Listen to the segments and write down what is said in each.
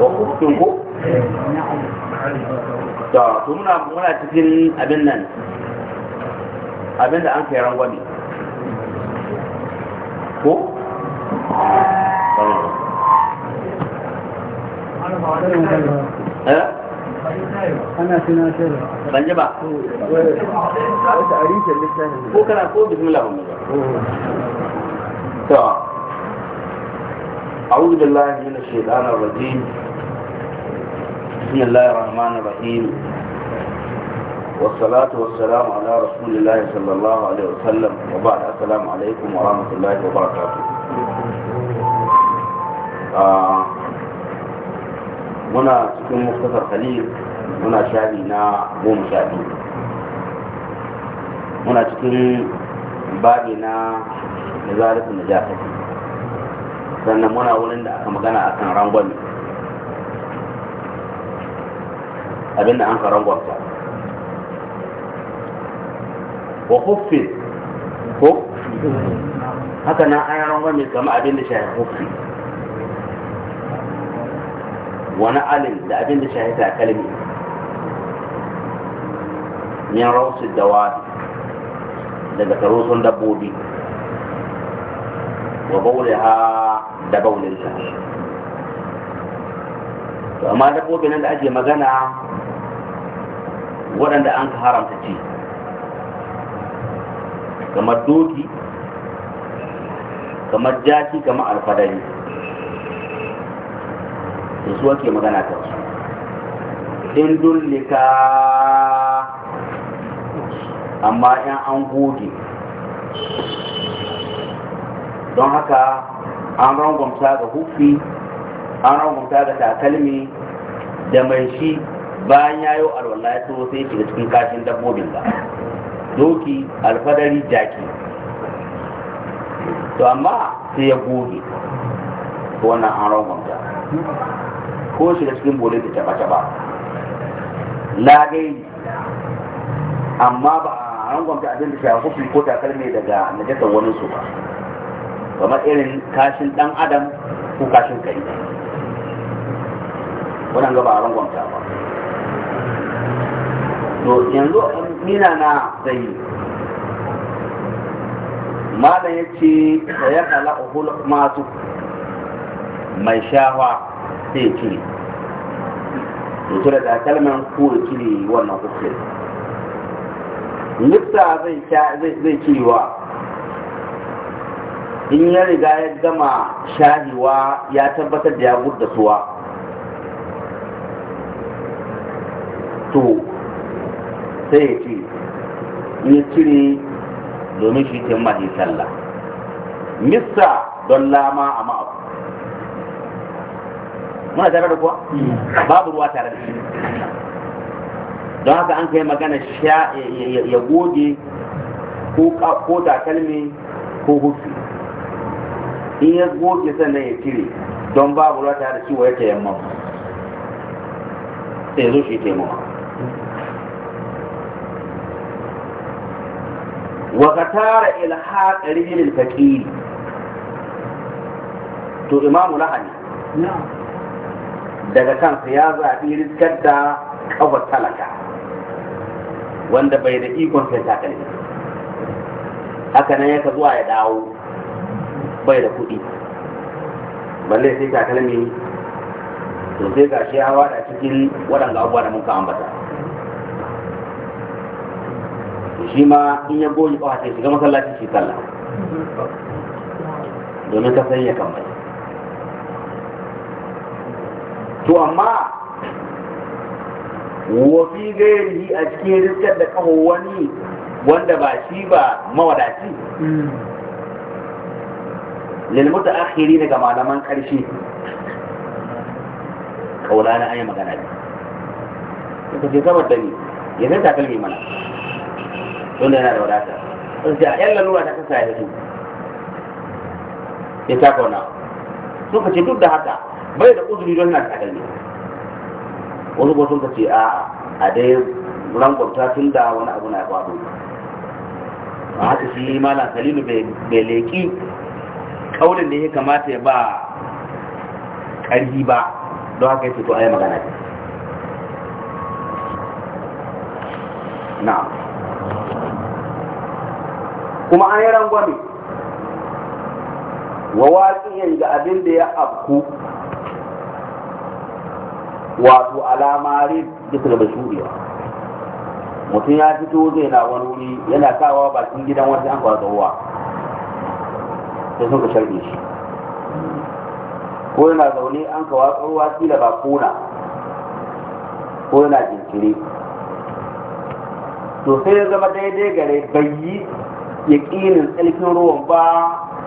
wakufin ku? da su muna cikin abin nan abin da an kai rangwami ko? ana suna shirya ban ji na shaidanar waje bismillahir rahmanir muna cikin muktasar khalil muna shafi na goma sha biyu muna cikin babi na zarafin da jafi sannan muna wurin da aka magana a kan rangon abinda an ka rangonta wa huffi ko haka na an rangon mai kama abinda shafi huffi wani alin da abin da shahi kalmi min rausu da daga karosun dabbobi wa baule ha da sa, to amma dabbobi nan da ake magana waɗanda an ka haramta ci kamar doki kamar jaki kamar alfadari da su wake magana ta su in dullika amma yan an goge don haka an rangwamta ga hufi an rangwamta ga takalmi da mai shi bayan ya yi alwallah ya tsoro sai shiga cikin kashin dabbobin ba doki alfadari jaki to amma sai ya goge wannan an rangwamta ko shiga cikin bolin ta taba taba lagai amma ba a rangwamta abin da shafi ko takalmi daga najasar wani su ba kamar irin kashin dan adam ko kashin kai. wannan ba a rangwamta ba to yanzu nina na zai malam ya ce da ya kala masu mai shawa sai ya cire ya cire takalman ko ya cire wannan kusur nufta zai kiriwa in ya riga ya gama shahiwa ya tabbatar da ya gudda suwa to sai ya ce in ya cire domin shi ta mahi sallah mista don lama a ma'abu muna tare da kuwa hmm. babu ruwa tare da shi don haka an kai magana sha ya goge ko takalmi ko hufi in ya goge sannan ya cire don babu ruwa tare da shi wa ya tayammam sai zo shi taimama وغتار إلحاق رجل الفقير تو إمام لحني نعم daga kansa ya zaɓi riskar da ƙawar talaka wanda bai da ikon sai takalmi haka nan yaka zuwa ya dawo bai da kuɗi balle sai takalmi to sai ga shi hawa da cikin waɗanda abubuwa da muka ambata shi ma in ya goyi ƙawa sai shiga masallaci shi sallah domin ka sanya ya kammala to amma wafi gairi a cikin riskar da kawo wani wanda ba shi ba mawadaci lilmuta akhiri daga malaman karshe kaula na ayi magana ne suka ce da ne ya san mai mana wanda yana da wadata sun ce a yan lalura ta kasa ya hito ya ta kauna suka ce duk da haka bai da uzuri don na ne. wani ko sun ce a a dai rangwamta tun da wani abu na faɗo a haka shi malam kalilu bai leƙi Ƙaunin da ya kamata ya ba ƙarfi ba don haka ya fito a yi magana na kuma an yi rangwame wa yin ga abin da ya afku wato alamari bisa da shuriya mutum ya fito zai na wani wuri yana kawo bakin gidan wasu an zuwa sai sun sharbe shi ko yana zaune an ka watsa kila ba kuna ko yana jinkiri to sai ya zama daidai gare bai yi yaƙinin tsarkin ruwan ba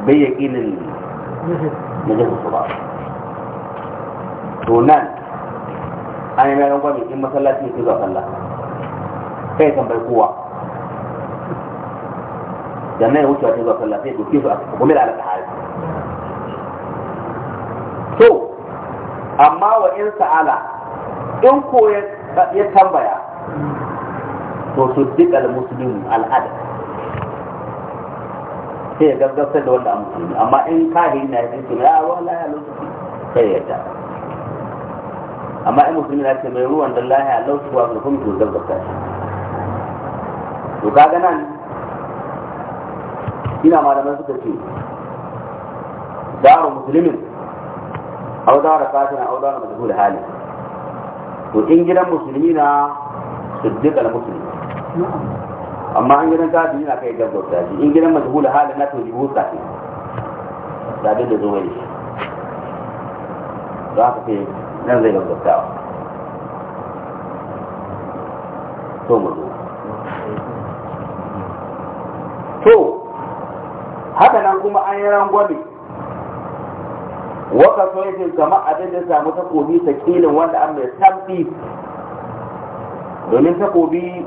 bai yaƙinin na su ba to nan an yi ranar gwamnati in masallaci ke zuwa sallah kai tambayi kowa jannan ya wuce wata zuwa sallah sai doke su a gumi da alaƙa hali to amma wa in sa'ala in ko ya tambaya to su duk al musulmi al'ada sai ya gaggasar da wanda a musulmi amma in kahiri na ya tsinci na wala ya lokaci sai ya ta amma in musulmi na ce mai ruwan da lahi a lausuwa ga kuma to zabbata shi to kaga nan ina malamai suka ce daru musulmin au daru fatina au daru majhul hali to in gidan musulmi na siddiq al musulmi amma in gidan kafiri na kai gaggauta shi in gidan majhul hali na to jibu kafiri da da zo wani shi za ka ce Nan zai ta wa to mu zo to haka nan kuma an yi rangwame waka soyafin kamar abin da samu takobi ta kilin wanda an mai samfi domin takobi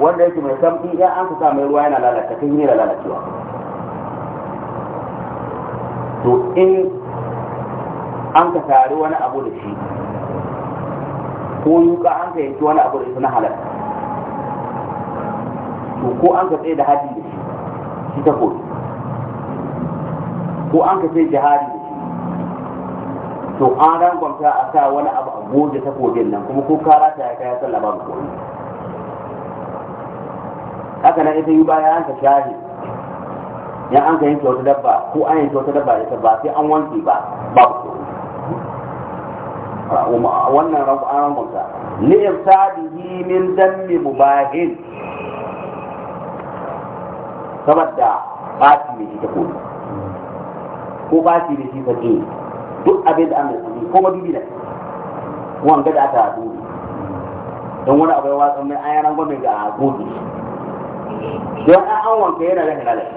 wanda yake mai samfi ya an kusa mai ruwa yana lalata ta hira lalacewa to in an ka tare wani abu da shi ko yuka an ka yanki wani abu da shi na halatta to ko an ka tsaye da haji da shi shi ta kodi ko an ka tsaye jihadi da shi to an rangwamta a sa wani abu a goje ta kogin nan kuma ko kara ta ya kaya sallah babu koyi haka nan ita yi baya an ka shahi ya an ka yi wata dabba ko an yi wata dabba ita ba sai an wanke ba ba ku wannan ramunka li'irsadihi min dammi mubahin saboda ɓaci ne shi ta kodi ko ɓaci ne shi sake duk abin da an da sani ko madubi ne wanga da aka dubi don wani abai watsa mai an yaran gwamnati ga gobe don an an wanka yana da halalar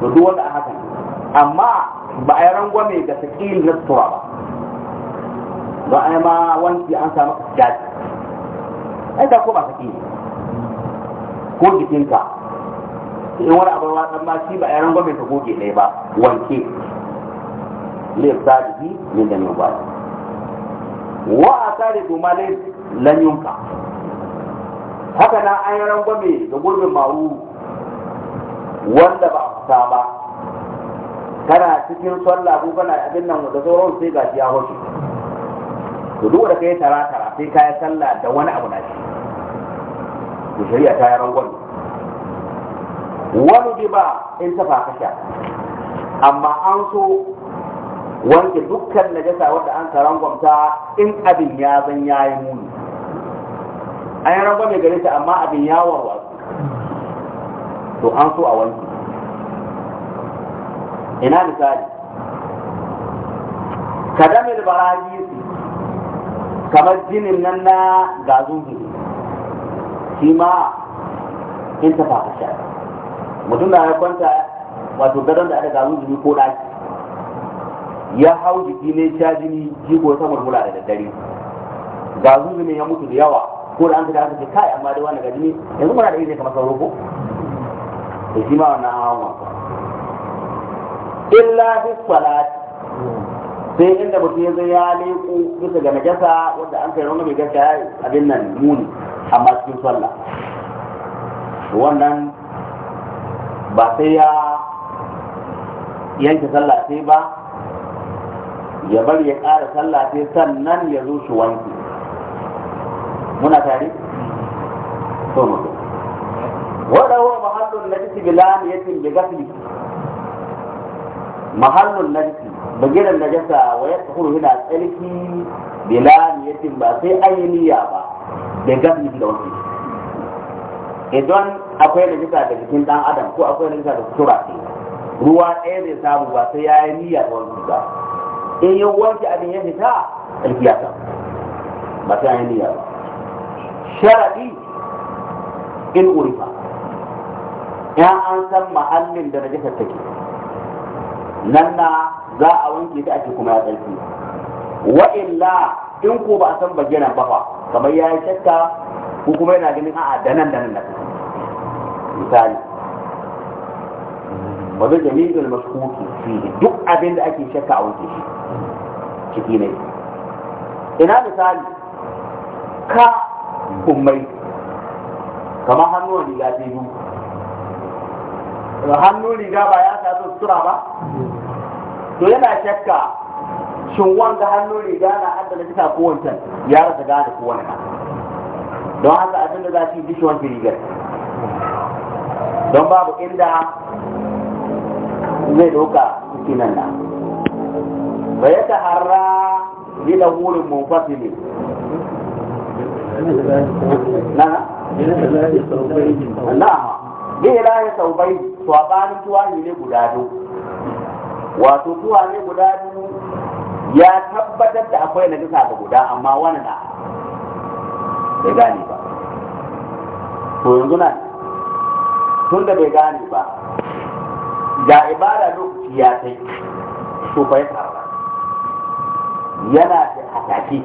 to duk wanda a hakan amma ba a yaran gwamnati ga sakilin na tura ba ba a ma wanki an samu daji ai da ko ba sake ne ko jikinka in wani abu ba dan ma shi ba a yaran gwamnati goge ne ba wanke lif sadihi min da ba wa a tare domalin lanyunka haka na an yaran gwamnati da gurbin maru wanda ba a fita ba kana cikin sallah ko kana abin nan da sauran sai gashi ya hoshi to duk da kai tara tara sai ka yi sallah da wani abu na shi to shari'a ta yi rangon wani ba in ta fakasha. amma an so wanke dukkan najasa wanda an ka rangwamta in abin ya zan yi muni an yi rangwame gare ta amma abin ya warwa to an so a wanke ina misali ka dame da baraji kamar jinin nan na gazuzu shi ma in ta fafasha mutum na ya kwanta wato gadon da aka gazuzu ko ɗaki ya hau jiki ne sha jini ko ta murmura da daddare gazu ne ya mutu da yawa ko da an ta aka ce kai amma dai wani gajini jini yanzu muna da iri kamar sauro ko da shi ma wannan hawan wasa illa fi salati sai inda mutum ya zai ya leƙo bisa ga najasa wanda an kai wani mai yi abin nan muni amma cikin sallah wannan ba sai ya yanke sallah sai ba ya bari ya ƙara sallah sai sannan ya zo shi wanki muna tare to mutum wanda huwa mahallun najisi bila niyatin bi ghasli mahallun najisi bagiran jasa wa ya tsakuru yana tsarki bila niyatin ba sai an yi niyya ba da gafi da wasu idan akwai jasa da jikin dan adam ko akwai jasa da sutura ce ruwa ɗaya zai samu ba sai ya yi niyya da wani ba in yi wanke abin ya fita tsarki ya samu ba sai an yi niyya ba sharaɗi in urifa ya an san mahallin da na najasa take nan na za a wanke ta ake kuma ya tsarki wa illa in ko ba a san bayyana ba fa kamar ya yi shakka ko kuma yana ganin a'a da nan da nan misali wanda jami'in mashkuki fi duk abin da ake shakka a wanke shi ciki ne ina misali ka kummai kamar hannu riga gafi biyu hannu riga ba ya sa sutura ba to yana shakka shin wanga hannu riga na haddana kisa ko wancan ya rasa gane ko wani don haka abinda za su yi dishi wancan rigar don babu inda zai doka cikin nan na ba ya ta harra yi da wurin mun ne na na bi ilahi saubai to a bayan tuwa ne guda biyu wato ne guda biyu ya tabbatar da akwai na duka ga guda amma wani na bai gane ba to yanzu nan tun da bai gane ba ga ibada lokaci ya sai to bai fara yana da hataki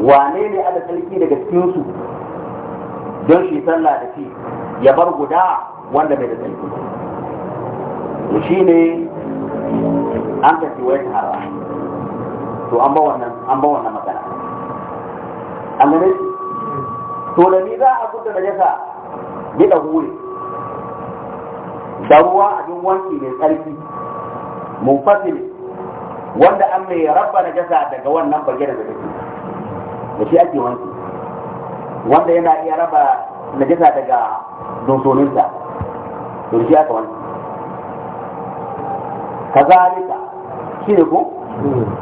wane ne ala sarki daga cikinsu don shi sallah da shi ya bar guda wanda bai da sarki to shi ne an ka ce wai harwa to an ba wannan an ba wannan magana an gane to da ni za a kuta da jasa da hure da ruwa abin wanki mai tsarki mufassil wanda an mai rabba na jasa daga wannan bagiran da take da shi ake wanki wanda yana iya raba najasa daga donsoninsa to shi aka wanki kazalika shi ne ku.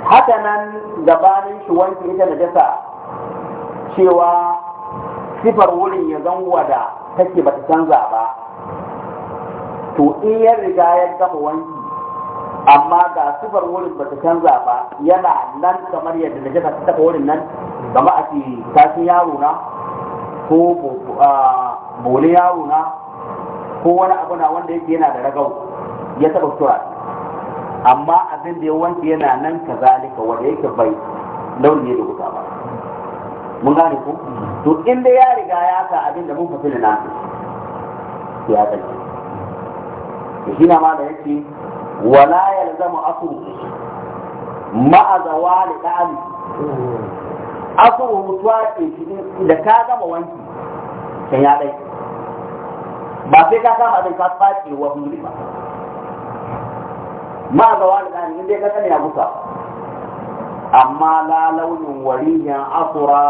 haka nan gabanin shi wanke ita na jasa, cewa sifar wurin ya zan wada take bata canza ba to in ya riga ya gama wanki amma ga sifar wurin bata canza ba yana nan kamar yadda na jasa ta wurin nan kamar a ke tashin yaro na ko bole yaro na ko wani abu na wanda yake yana da ragau ya taba sutura amma abin da ya wanke yana nan ka zalika wanda yake bai launi da wuta ba mun gane ku to inda ya riga ya sa abin da mun fasili na su ya tsaki Da shi na mana yake wala zama asu ma'azawa da da'ali asu mutuwa ke shi da ka gama wanki kan ya ɗai ba sai ka kama abin ka fashe wa hungri ba ma ga wani ɗani inda ya kasance ya musa amma la launin wariyan asura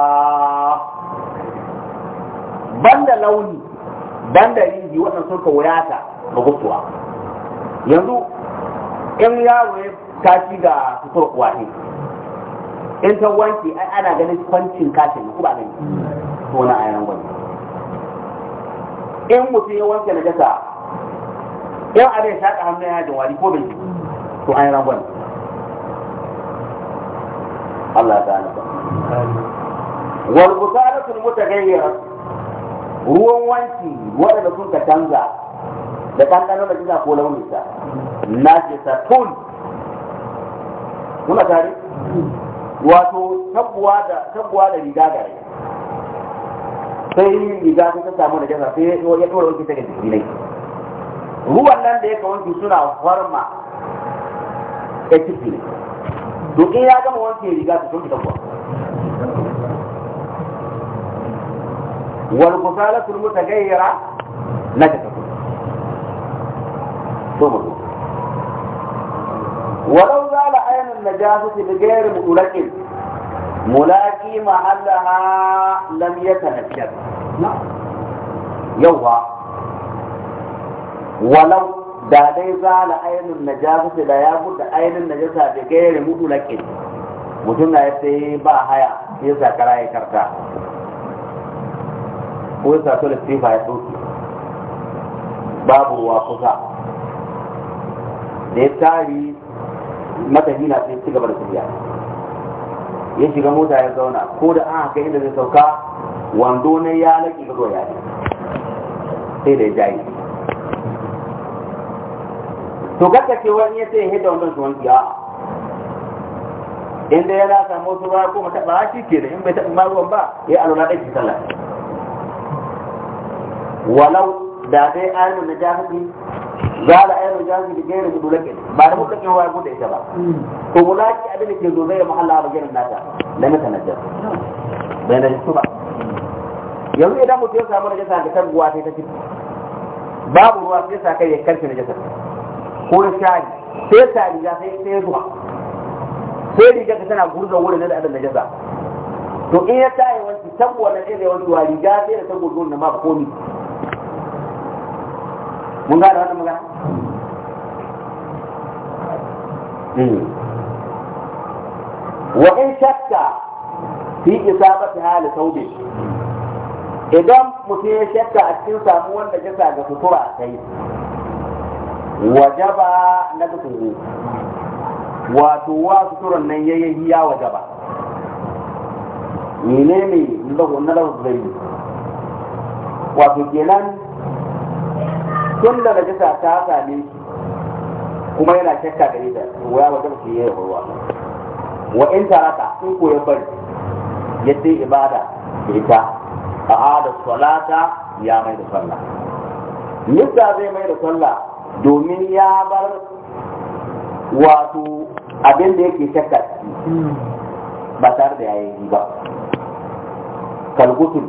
banda launi banda rinji waɗanda sun ka wayata ga gutuwa yanzu in yaro ya tashi ga fitar kuwa in ta wanke ana ganin kwancin kashin ku ba gani to na ayan gwani in mutum ya wanke na jasa in abin shaƙa hannun yajin wari ko bai to an yi Allah ta nufa wal busaratul mutaghayyira ruwan wanki waɗanda sun ka canza da ɗanɗano da jina ko launinsa na ce satun muna tare wato tabbuwa da riga gare sai riga ta ta samu da jasa sai ya tura wanki ta ga jiki ne ruwan nan da ya ka wanki suna farma ya ciki ne to in ya gama wanke riga ta sun fita kuwa wal kusalatul mutagayyira na ta tafi to mu ولو زال عين النجاسة بغير مؤلك ملاقي محلها لم يتنجس يوها ولو da dai zala ainun najasa da ya buɗe ainun najasa da na ƙin mutum na ya sai ba haya ya kara ya karta ko ya sato da sifa ya tsoki babu ruwa kusa da ya tari matafi na sai ci gaba da tafiya ya shiga mota ya zauna ko da an haka inda zai sauka wando ne ya laƙi ga ya sai da ya jayi to ga take wani ya he da wannan zuwan ya inda yana samu su ba kuma ba shi ke da in bai taɓa maruwan ba ya alwala shi sallah walau da dai ayyukan na jahili za da na jahili da gairin gudu lake ba da mutum kewa ya bude ita ba to mulaki abin da ke zo zai mahalla ba gairin nata da mata na jar bai na jisu ba yanzu idan mutum ya samu na jasa ga kan sai ta ciki babu ruwa sai sa kai ya karfi na jasa ko na shari sai sa ya sai sai zuwa sai riga ka tana gurza wurin da adam da jaza to in ya tayi wanki tabo na zai zai wanki wa riga sai da tabo don na ma komi mun gane wannan magana hmm. wa in shakka fi isabati hali saube idan mutum ya shakka a cikin samuwar da jasa ga sutura sai wajaba na dukkan wato wa suturan nan ya yi ya wajaba menene lahu na lahu zai yi? wato kenan tun da najasa ta sami kuma yana shakka da, ita wa ya wajaba shi yayi ruwa wa in taraka in ko ya bari yadda ibada da ita a da salata ya mai da sallah Nisa zai mai da sallah domin ya bar wato abin da yake shakka ba tare da yayi ba kalgutul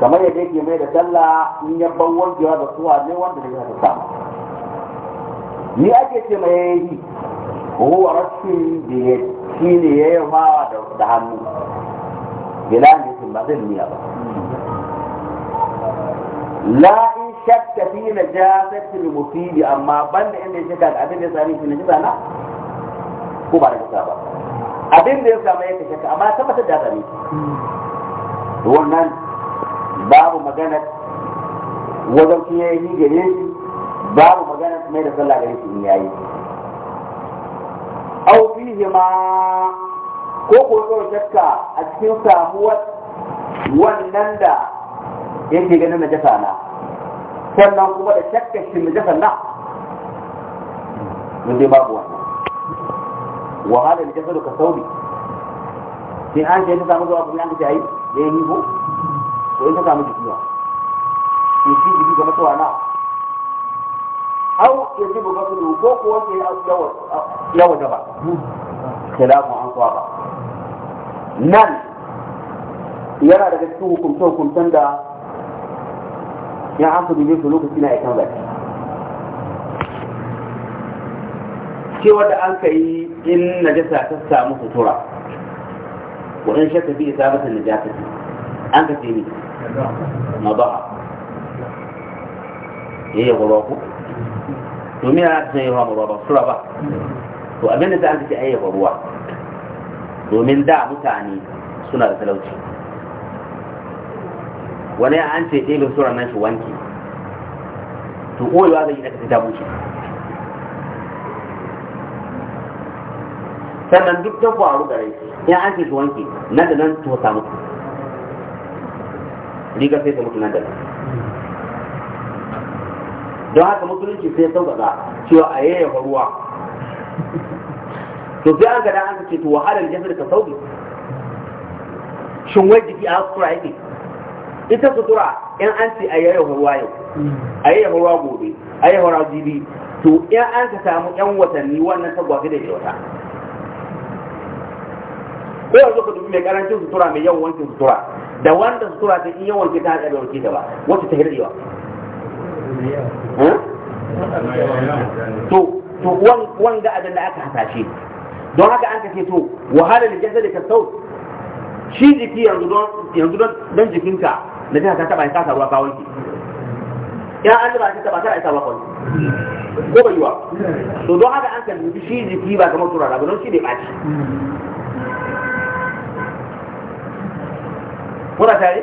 kamar yadda yake mai da talla, in ya ban wankewa da suwa ne wanda zai haka samu ni ake ce mai yayi huwa rashin da ya shi ne ya yi fawa da hannu bila ne ba zai nuna ba la'in shakka fi na jasatil mufidi amma da inda ya shakka abin da ya sami shi na jisa na ko ba na jisa ba abin da ya sami ya shakka amma ya tabbatar da sami wannan babu magana wajen kin ya yi gare shi babu magana mai da sallah gare shi in yayi au fihi ma ko ko ko shakka a cikin samuwar wannan da yake ganin jasa na sannan kuma da shakkar shi mu jasa na mun dai babu wannan wahala da jasa ka sauri sai an ce ta samu zuwa kuma an ta yi da yi ko to in ta samu jiki ba in shi jiki ga mutuwa na au ya ji ba su ko ko wanda ya yawa yawa da ba an an ba. nan yana daga cikin hukunce-hukuncen da ya an su dube su lokaci na aikan zaki cewa da an kai in najasa ta samu sutura wa in shakka fi isabata najasati an ka ni ma ba ya yi gwaba ku domin yana ta sanya ruwa ba sura ba to abinda ta an ka ce ayyaba ruwa domin da mutane suna da talauci wani an ce ɗebe suran nan shi wanki to koyewa zai yi daga ta buce sannan duk ta faru gare ya an ce shi wanki nan da nan to samu riga sai ta mutu nan da nan don haka musulunci sai sauƙaƙa cewa a yayyafa ruwa to sai an gada an ce to wahalar jasar ka sauƙi shin wai jiki a kura yake ita sutura in an ce a yayin ruwa yau a yayin ruwa gobe a yi ruwa jibi to in an ka samu yan watanni wannan ta gwafi da kyauta ko yanzu ka dubi mai karancin sutura mai yawan wankin sutura da wanda sutura ta in yawan ta haɗa da wanke ta ba wacce ta hirɗewa to to wanga adan da aka hasashe don haka an kace to wahalar jasadi ka sau shi jiki yanzu don jikinka na jiha ka taba ya kasa ruwa ka wanke ya an ba ta taba ta isa ba kwanci ko bai wa to don haka an kalli shi jiki ba kamar turara ba don shi bai baci muna tare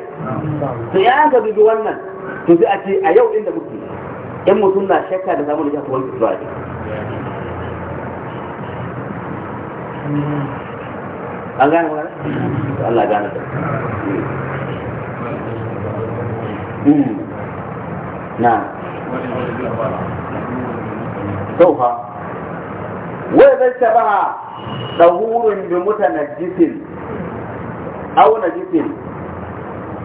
to ya an kalli wannan to sai a ce a yau inda muke in mutum na shakka da samun da ya tuwanci zuwa ne an gane wani Allah gane ta Hmm. na taufa wai zai shabaha ɗahurun bi mutanajjisin aw najisin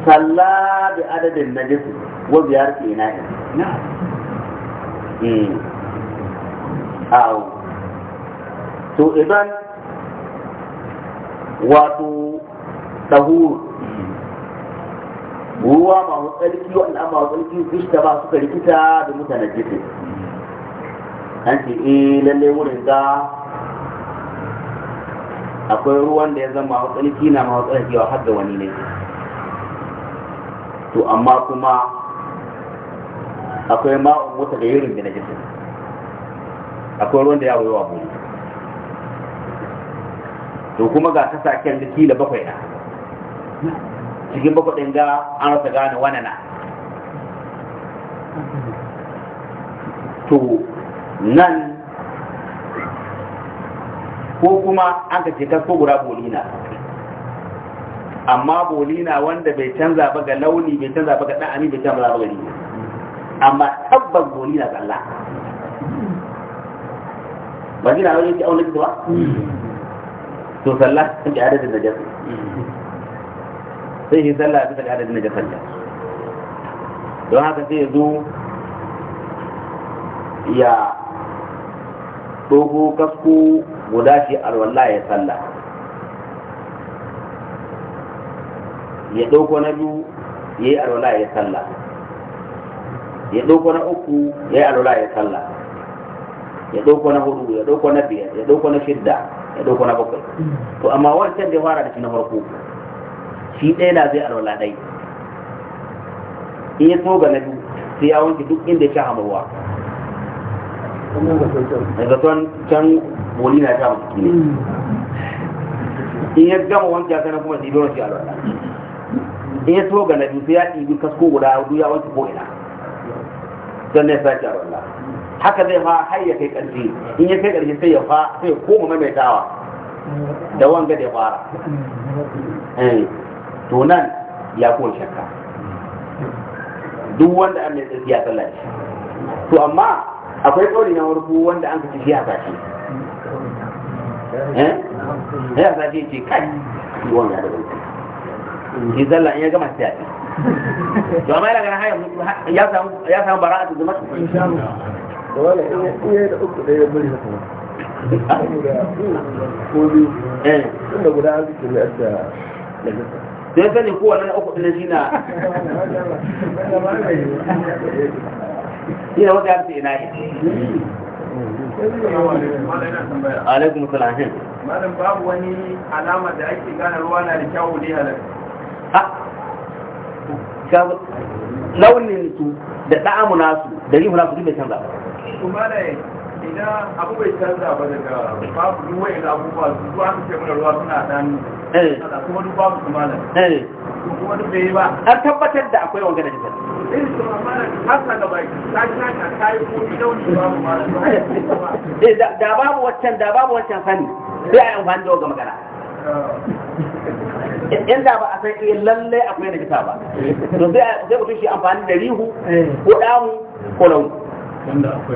salla bi adadin najisin ya biyar ina in hmm. aw to idan wato ɗahurun ruwa masu tsarki wanda an masu tsarki fish ta ba suka rikita da mutanen jifin an ce e lalle wurin ga akwai ruwan da ya zama masu tsarki na masu tsarki wa har da wani ne to amma kuma akwai ma'un wata da yirin da na jifin akwai ruwan da ya wayo a buri to kuma ga ta kyan da kila bakwai na cikin bakwadin ɗin ga an rasa gane wani na to nan ko kuma an ka ce kasko guda bolina amma bolina wanda bai canza ba ga launi bai canza ba ga ɗan'ami bai canza ba ga ni amma tabbas bolina tsalla ba zina wajen ki auna ba hmm. to tsalla sun ke adadin da jasu sai shi a bisa da adadin salla don haka sai ya zo ya dogo kasko guda shi alwallah ya sallah ya ɗauko na biyu ya yi alwala ya sallah ya ɗauko na uku ya yi alwala ya sallah ya ɗauko na hudu ya ɗauko na biyar ya ɗauko na shidda ya ɗauko na bakwai to amma wancan da ya fara da shi na farko shi ɗaya na zai alwala dai in ya toga na biyu sai ya wanke duk inda ya sha hamarwa a zaton can boli na sha mutu ne in ya gama wanke sanar kuma sai biyu wanke alwala in ya toga ga nabi sai ya ɗibi kasko guda hudu ya wanke ko ina don ne sace alwala haka zai fa har ya kai ƙarfi in ya kai ƙarfi sai ya fa sai ya koma maimaitawa da wanga da ya fara eh. to nan ya kowace shakka duk wanda an mai tsakiya sallah shi to amma akwai tsori na warko wanda an kaci shi haka shi eh ya sa shi ce kai wanda da wani shi zalla in ya gama sai to amma yana ganin haya ya samu ya samu bara'atu da mutum insha Allah wala in ya da uku da ya buri haka eh. ko biyu eh inda guda an zikin da Sai sanin kowane na uku ɗin shi na shi na wata yamsa ina yi alaikum salahin malam babu wani alama da ake gane ruwa na da kyawu ne halar launin su da ɗa'amu nasu da rihu nasu duk mai canza ba Ina abu bai canza ba daga babu ruwa idan abubuwa su zuwa su ce mana ruwa suna dan eh. kuma duk babu su malam eh. kuma duk bai ba an tabbatar da akwai wanga da jika irin su malam hasa da bai ta kira ka kai ko gidan su babu malam eh, da babu waccan da babu waccan sani sai a amfani da wanga magana ah. inda ba a san iya lalle akwai da kita ba to sai mutum shi amfani da rihu ko damu ko launu.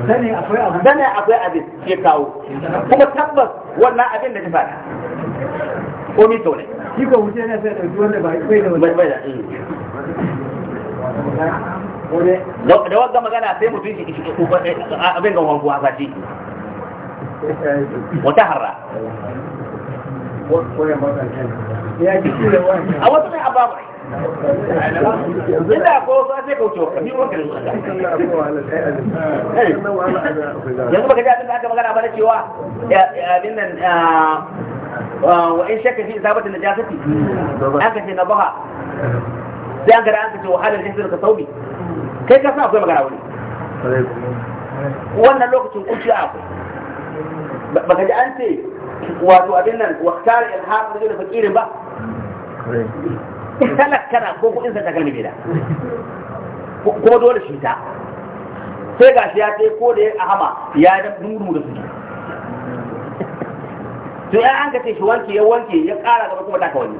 sanin akwai abu a akwai abin ya kawo kuma tabbas wannan abin da ta faɗa ko mi kaune shi ko wuce ne sai wanda ba kai da wanda bai da da wanda mm. magana sai mutum shi abin ga wanguwa fati wata harra a wasu ne ababai inda ko wasu baka ji abin da aka magana ba na cewa abin nan wa in shakka fi isabatin najasati an ka ce na baha sai an gara an ka ce wahalar da ka saumi kai ka sa akwai magana wani wannan lokacin kunci akwai baka ji an ce wato abin nan waktar ilhaq da fakirin ba talakana ko kuɗin sa takalmi gida ko dole shi ta sai ga shi ya ce ko da ya ahama ya da duru da suke to ya an ka ce shi wanke ya wanke ya ƙara gaba kuma taka wani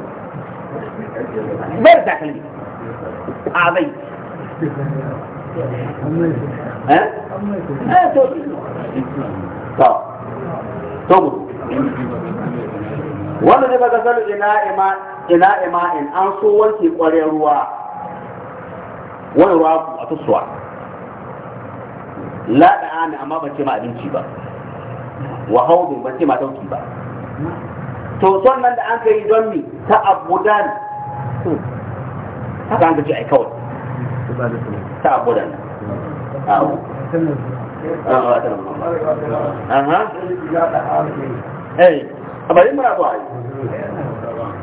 bai da takalmi a zai eh? eh to to to wannan ne ba ga salu ina iman ina ima'in an so wanke kwarin ruwa wani ruwa ku a tussuwa laɗa da amma ban ce ma abinci ba wa haudin ban ce ma dauki ba to sannan da an kai don mi ta abu dan ta an gaji a kawai ta abudan awo Aha. Eh,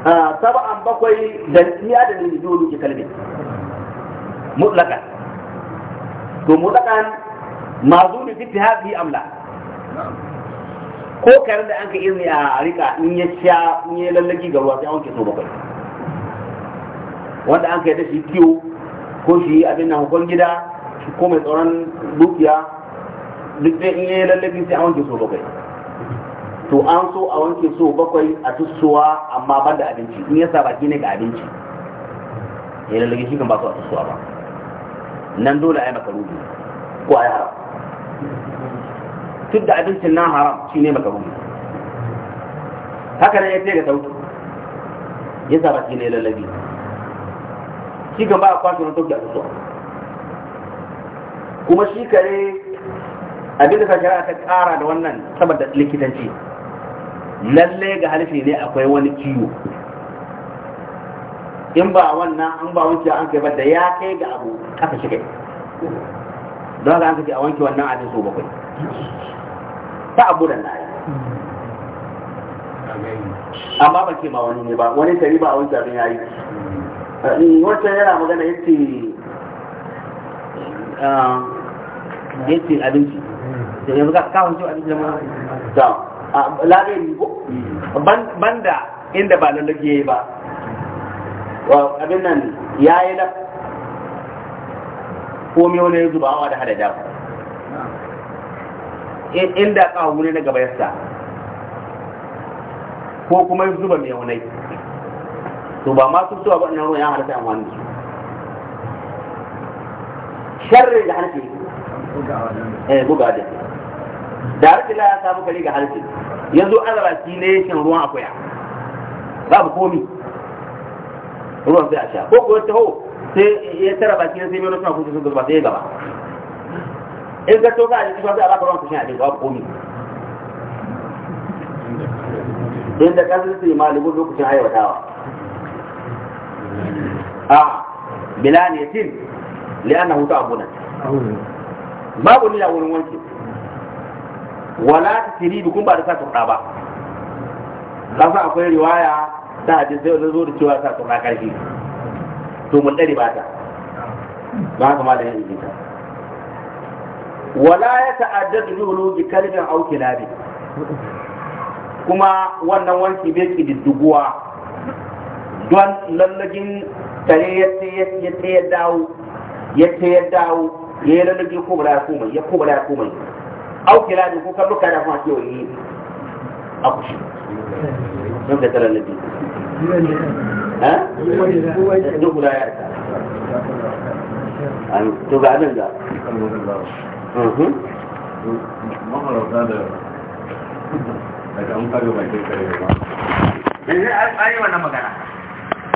saba'an bakwai da iya da ne biyu ke kalbi mutlaqan to mutlaqan mazuni fi hadhihi amla ko karin da an ka izini a rika in ya sha in ya lallaki ga ruwa sai an so bakwai wanda an ka yadda shi kiwo ko shi abin nan hukun gida ko mai tsoron dukiya duk dai in ya lallaki sai an so bakwai to an so a wanke so bakwai a tussuwa amma ban da abinci in yasa baki ne ga abinci ya eh, lalage shi kan ba su a tussuwa ba nan dole a yi makarubi ko a yi haram tun da abincin nan haram shi ne makarubi haka nan ya ce ga sauki sa baki ne lalage shi kan ba a kwashe wani sauki a tussuwa kuma shi kare abinda ta shari'a ta kara da wannan saboda likitanci lalle ga harshe ne akwai wani ciwo in ba wannan an ba wanke an kai ba da ya kai ga abu kasa shi kai don haka an kace a wanke wannan abin so bakwai ta abu da nayi amma ba ce ba wani ne ba wani tari ba a wanke abin yayi wancan yana magana yace ah, yace abinci da yanzu ka kawo abinci da ma lagari ko banda inda ba lallage ya yi ba abin nan ya yi da komi wani ya zuba awa da hada damu inda kawo wuni na gaba yasta ko kuma zuba mai wani to ba ma su suwa waɗannan ruwan ya halatta yan wani sharri da harfi eh buga da da harshe la ya samu kare ga harshe yanzu shi ne shan ruwan akuya babu komi ruwan sai a sha ko kuwa taho sai ya tara baki na sai mai rufin akuta sun gaba sai ya gaba in ka toka a jikin sai a baka ruwan kushin a jikin babu komi inda zai su yi malibin lokacin aiwatawa a bilaniyatin hutu abunan babu ni a wurin wanke wala ta tasiri kun ba da sa turɗa ba za su akwai riwaya ta sai wani zo da cewa sa turɗa karfi to mun dare ba ta ba kama da yin ta wala ya ta'addadu juhlu bi kalbin aw kilabi kuma wannan wanki bai didduguwa don lallagin tare ya ya ya dawo ya ya dawo ya yi lallagin ko ba ya komai ya ko ba ya komai au ni ko kallo kada kuma ke wani a kushi don ka tsara labi ha? duk guda ya rika an to ga abin da mhm. maharauta da daga an kare bakin kare ba. Yanzu an yi wannan magana.